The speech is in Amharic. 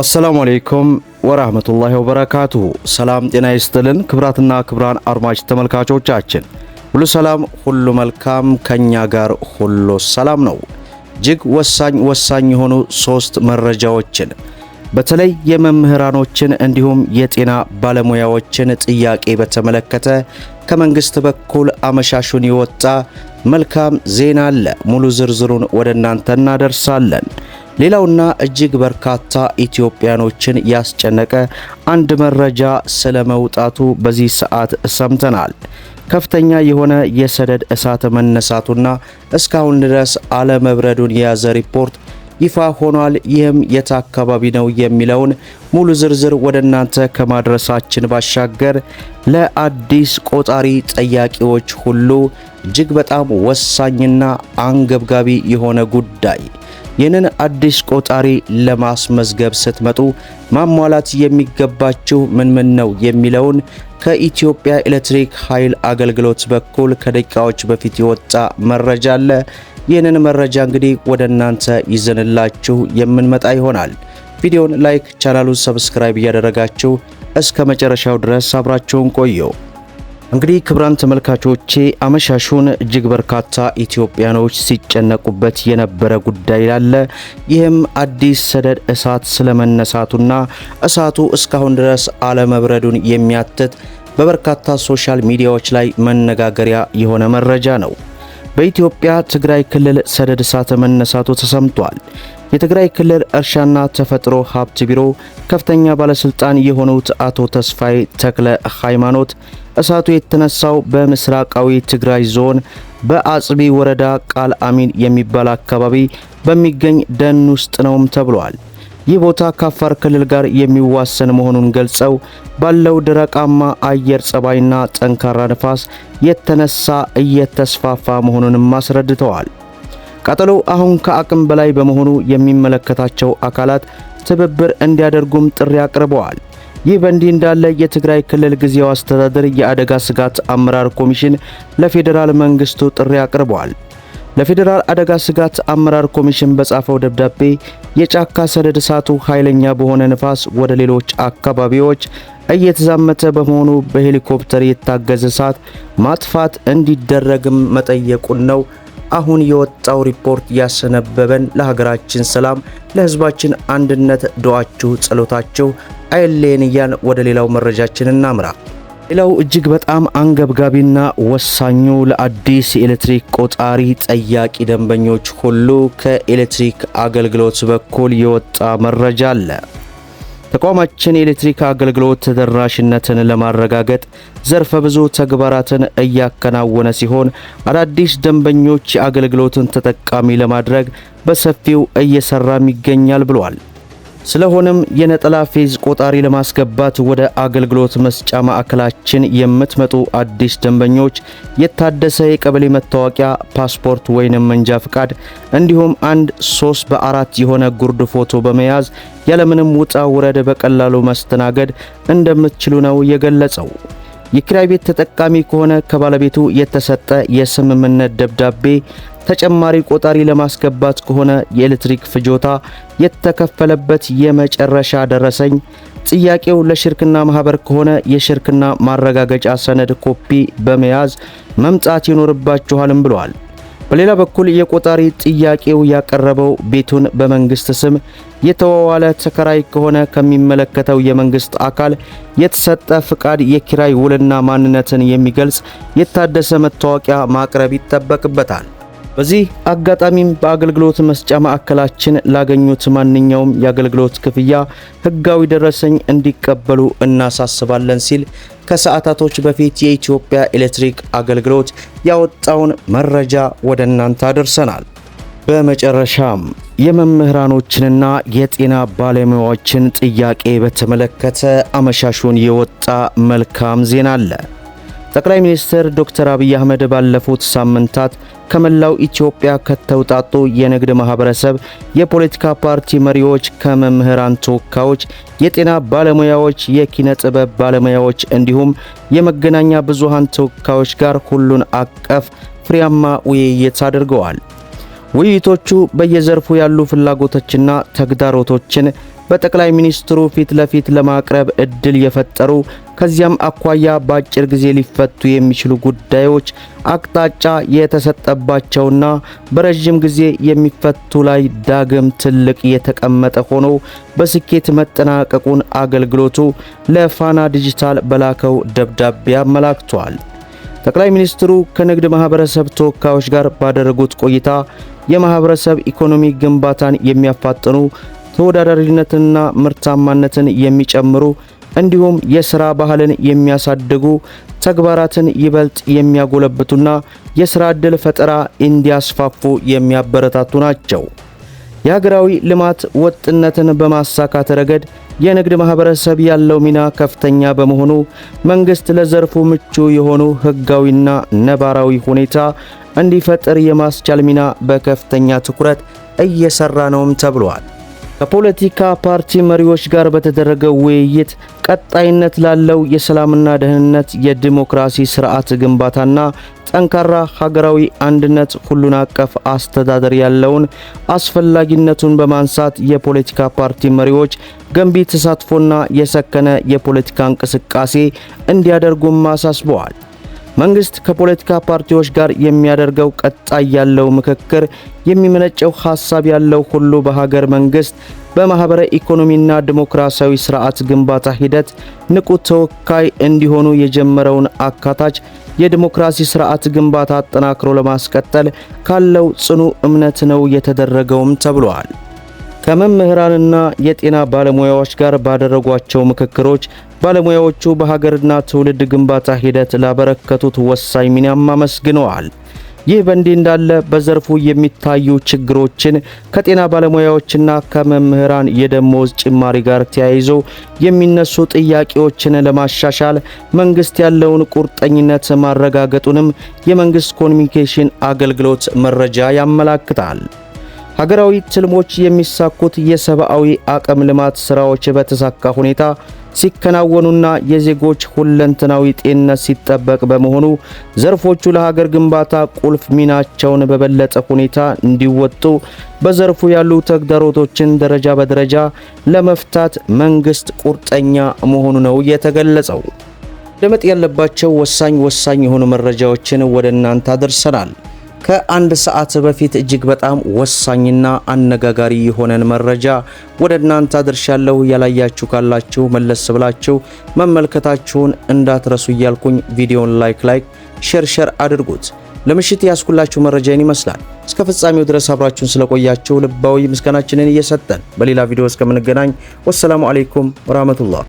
አሰላሙ አሌይኩም ወራህመቱላሂ ወበረካቱሁ። ሰላም ጤና ይስጥልን ክብራትና ክብራን አድማጭ ተመልካቾቻችን ሁሉ ሰላም ሁሉ መልካም፣ ከኛ ጋር ሁሉ ሰላም ነው። እጅግ ወሳኝ ወሳኝ የሆኑ ሶስት መረጃዎችን በተለይ የመምህራኖችን እንዲሁም የጤና ባለሙያዎችን ጥያቄ በተመለከተ ከመንግስት በኩል አመሻሹን የወጣ መልካም ዜና አለ። ሙሉ ዝርዝሩን ወደ እናንተ እናደርሳለን። ሌላውና እጅግ በርካታ ኢትዮጵያኖችን ያስጨነቀ አንድ መረጃ ስለ መውጣቱ በዚህ ሰዓት ሰምተናል። ከፍተኛ የሆነ የሰደድ እሳት መነሳቱና እስካሁን ድረስ አለመብረዱን የያዘ ሪፖርት ይፋ ሆኗል። ይህም የት አካባቢ ነው የሚለውን ሙሉ ዝርዝር ወደ እናንተ ከማድረሳችን ባሻገር ለአዲስ ቆጣሪ ጠያቂዎች ሁሉ እጅግ በጣም ወሳኝና አንገብጋቢ የሆነ ጉዳይ ይህንን አዲስ ቆጣሪ ለማስመዝገብ ስትመጡ ማሟላት የሚገባችሁ ምን ምን ነው የሚለውን ከኢትዮጵያ ኤሌክትሪክ ኃይል አገልግሎት በኩል ከደቂቃዎች በፊት የወጣ መረጃ አለ። ይህንን መረጃ እንግዲህ ወደ እናንተ ይዘንላችሁ የምንመጣ ይሆናል። ቪዲዮን ላይክ፣ ቻናሉን ሰብስክራይብ እያደረጋችሁ እስከ መጨረሻው ድረስ አብራችሁን ቆየው። እንግዲህ ክብራን ተመልካቾቼ አመሻሹን እጅግ በርካታ ኢትዮጵያኖች ሲጨነቁበት የነበረ ጉዳይ ላለ ይህም አዲስ ሰደድ እሳት ስለመነሳቱና እሳቱ እስካሁን ድረስ አለመብረዱን የሚያትት በበርካታ ሶሻል ሚዲያዎች ላይ መነጋገሪያ የሆነ መረጃ ነው። በኢትዮጵያ ትግራይ ክልል ሰደድ እሳት መነሳቱ ተሰምቷል። የትግራይ ክልል እርሻና ተፈጥሮ ሀብት ቢሮ ከፍተኛ ባለስልጣን የሆኑት አቶ ተስፋይ ተክለ ሃይማኖት እሳቱ የተነሳው በምስራቃዊ ትግራይ ዞን በአጽቢ ወረዳ ቃል አሚን የሚባል አካባቢ በሚገኝ ደን ውስጥ ነውም ተብሏል። ይህ ቦታ ከአፋር ክልል ጋር የሚዋሰን መሆኑን ገልጸው ባለው ደረቃማ አየር ጸባይና ጠንካራ ንፋስ የተነሳ እየተስፋፋ መሆኑንም አስረድተዋል። ቀጠሎ አሁን ከአቅም በላይ በመሆኑ የሚመለከታቸው አካላት ትብብር እንዲያደርጉም ጥሪ አቅርበዋል። ይህ በእንዲህ እንዳለ የትግራይ ክልል ጊዜያዊ አስተዳደር የአደጋ ስጋት አመራር ኮሚሽን ለፌዴራል መንግስቱ ጥሪ አቅርበዋል። ለፌዴራል አደጋ ስጋት አመራር ኮሚሽን በጻፈው ደብዳቤ የጫካ ሰደድ እሳቱ ኃይለኛ በሆነ ንፋስ ወደ ሌሎች አካባቢዎች እየተዛመተ በመሆኑ በሄሊኮፕተር የታገዘ እሳት ማጥፋት እንዲደረግም መጠየቁን ነው አሁን የወጣው ሪፖርት ያሰነበበን ለሀገራችን ሰላም፣ ለህዝባችን አንድነት ዱዓችሁ ጸሎታችሁ አይለየን እያል ወደ ሌላው መረጃችን እናምራ። ሌላው እጅግ በጣም አንገብጋቢና ወሳኙ ለአዲስ የኤሌክትሪክ ቆጣሪ ጠያቂ ደንበኞች ሁሉ ከኤሌክትሪክ አገልግሎት በኩል የወጣ መረጃ አለ። ተቋማችን የኤሌክትሪክ አገልግሎት ተደራሽነትን ለማረጋገጥ ዘርፈ ብዙ ተግባራትን እያከናወነ ሲሆን አዳዲስ ደንበኞች የአገልግሎትን ተጠቃሚ ለማድረግ በሰፊው እየሰራም ይገኛል ብሏል። ስለሆነም የነጠላ ፌዝ ቆጣሪ ለማስገባት ወደ አገልግሎት መስጫ ማዕከላችን የምትመጡ አዲስ ደንበኞች የታደሰ የቀበሌ መታወቂያ፣ ፓስፖርት ወይንም መንጃ ፍቃድ እንዲሁም አንድ ሶስት በአራት የሆነ ጉርድ ፎቶ በመያዝ ያለምንም ውጣ ውረድ በቀላሉ ማስተናገድ እንደምትችሉ ነው የገለጸው። የኪራይ ቤት ተጠቃሚ ከሆነ ከባለቤቱ የተሰጠ የስምምነት ደብዳቤ ተጨማሪ ቆጣሪ ለማስገባት ከሆነ የኤሌክትሪክ ፍጆታ የተከፈለበት የመጨረሻ ደረሰኝ፣ ጥያቄው ለሽርክና ማህበር ከሆነ የሽርክና ማረጋገጫ ሰነድ ኮፒ በመያዝ መምጣት ይኖርባችኋልም ብለዋል። በሌላ በኩል የቆጣሪ ጥያቄው ያቀረበው ቤቱን በመንግስት ስም የተዋዋለ ተከራይ ከሆነ ከሚመለከተው የመንግስት አካል የተሰጠ ፍቃድ፣ የኪራይ ውልና ማንነትን የሚገልጽ የታደሰ መታወቂያ ማቅረብ ይጠበቅበታል። በዚህ አጋጣሚም በአገልግሎት መስጫ ማዕከላችን ላገኙት ማንኛውም የአገልግሎት ክፍያ ህጋዊ ደረሰኝ እንዲቀበሉ እናሳስባለን ሲል ከሰዓታቶች በፊት የኢትዮጵያ ኤሌክትሪክ አገልግሎት ያወጣውን መረጃ ወደ እናንተ አድርሰናል። በመጨረሻም የመምህራኖችንና የጤና ባለሙያዎችን ጥያቄ በተመለከተ አመሻሹን የወጣ መልካም ዜና አለ። ጠቅላይ ሚኒስትር ዶክተር አብይ አህመድ ባለፉት ሳምንታት ከመላው ኢትዮጵያ ከተውጣጡ የንግድ ማህበረሰብ፣ የፖለቲካ ፓርቲ መሪዎች፣ ከመምህራን ተወካዮች፣ የጤና ባለሙያዎች፣ የኪነ ጥበብ ባለሙያዎች እንዲሁም የመገናኛ ብዙሃን ተወካዮች ጋር ሁሉን አቀፍ ፍሬያማ ውይይት አድርገዋል። ውይይቶቹ በየዘርፉ ያሉ ፍላጎቶችና ተግዳሮቶችን በጠቅላይ ሚኒስትሩ ፊት ለፊት ለማቅረብ እድል የፈጠሩ ከዚያም አኳያ በአጭር ጊዜ ሊፈቱ የሚችሉ ጉዳዮች አቅጣጫ የተሰጠባቸውና በረዥም ጊዜ የሚፈቱ ላይ ዳግም ትልቅ የተቀመጠ ሆኖ በስኬት መጠናቀቁን አገልግሎቱ ለፋና ዲጂታል በላከው ደብዳቤ አመላክቷል። ጠቅላይ ሚኒስትሩ ከንግድ ማህበረሰብ ተወካዮች ጋር ባደረጉት ቆይታ የማህበረሰብ ኢኮኖሚ ግንባታን የሚያፋጥኑ ተወዳዳሪነትንና ምርታማነትን የሚጨምሩ እንዲሁም የስራ ባህልን የሚያሳድጉ ተግባራትን ይበልጥ የሚያጎለብቱና የስራ ዕድል ፈጠራ እንዲያስፋፉ የሚያበረታቱ ናቸው። የሀገራዊ ልማት ወጥነትን በማሳካት ረገድ የንግድ ማህበረሰብ ያለው ሚና ከፍተኛ በመሆኑ መንግስት ለዘርፉ ምቹ የሆኑ ህጋዊና ነባራዊ ሁኔታ እንዲፈጥር የማስቻል ሚና በከፍተኛ ትኩረት እየሰራ ነውም ተብሏል። ከፖለቲካ ፓርቲ መሪዎች ጋር በተደረገው ውይይት ቀጣይነት ላለው የሰላምና ደህንነት የዲሞክራሲ ስርዓት ግንባታና ጠንካራ ሀገራዊ አንድነት ሁሉን አቀፍ አስተዳደር ያለውን አስፈላጊነቱን በማንሳት የፖለቲካ ፓርቲ መሪዎች ገንቢ ተሳትፎና የሰከነ የፖለቲካ እንቅስቃሴ እንዲያደርጉም አሳስበዋል። መንግስት ከፖለቲካ ፓርቲዎች ጋር የሚያደርገው ቀጣይ ያለው ምክክር የሚመነጨው ሀሳብ ያለው ሁሉ በሀገር መንግስት በማህበረ ኢኮኖሚና ዲሞክራሲያዊ ስርዓት ግንባታ ሂደት ንቁ ተወካይ እንዲሆኑ የጀመረውን አካታች የዲሞክራሲ ስርዓት ግንባታ አጠናክሮ ለማስቀጠል ካለው ጽኑ እምነት ነው የተደረገውም ተብሏል። ከመምህራንና የጤና ባለሙያዎች ጋር ባደረጓቸው ምክክሮች ባለሙያዎቹ በሀገርና ትውልድ ግንባታ ሂደት ላበረከቱት ወሳኝ ሚናም አመስግነዋል። ይህ በእንዲህ እንዳለ በዘርፉ የሚታዩ ችግሮችን ከጤና ባለሙያዎችና ከመምህራን የደሞዝ ጭማሪ ጋር ተያይዞ የሚነሱ ጥያቄዎችን ለማሻሻል መንግስት ያለውን ቁርጠኝነት ማረጋገጡንም የመንግስት ኮሚኒኬሽን አገልግሎት መረጃ ያመላክታል። ሀገራዊ ትልሞች የሚሳኩት የሰብአዊ አቅም ልማት ስራዎች በተሳካ ሁኔታ ሲከናወኑና የዜጎች ሁለንተናዊ ጤንነት ሲጠበቅ በመሆኑ ዘርፎቹ ለሀገር ግንባታ ቁልፍ ሚናቸውን በበለጠ ሁኔታ እንዲወጡ በዘርፉ ያሉ ተግዳሮቶችን ደረጃ በደረጃ ለመፍታት መንግስት ቁርጠኛ መሆኑ ነው የተገለጸው። ደመጥ ያለባቸው ወሳኝ ወሳኝ የሆኑ መረጃዎችን ወደ እናንተ አድርሰናል። ከአንድ ሰዓት በፊት እጅግ በጣም ወሳኝና አነጋጋሪ የሆነን መረጃ ወደ እናንተ አድርሻለሁ። ያላያችሁ ካላችሁ መለስ ብላችሁ መመልከታችሁን እንዳትረሱ እያልኩኝ ቪዲዮን ላይክ ላይክ ሼር ሼር አድርጉት። ለምሽት ያስኩላችሁ መረጃን ይመስላል። እስከ ፍጻሜው ድረስ አብራችሁን ስለቆያችሁ ልባዊ ምስጋናችንን እየሰጠን በሌላ ቪዲዮ እስከምንገናኝ ወሰላሙ አሌይኩም ወራህመቱላህ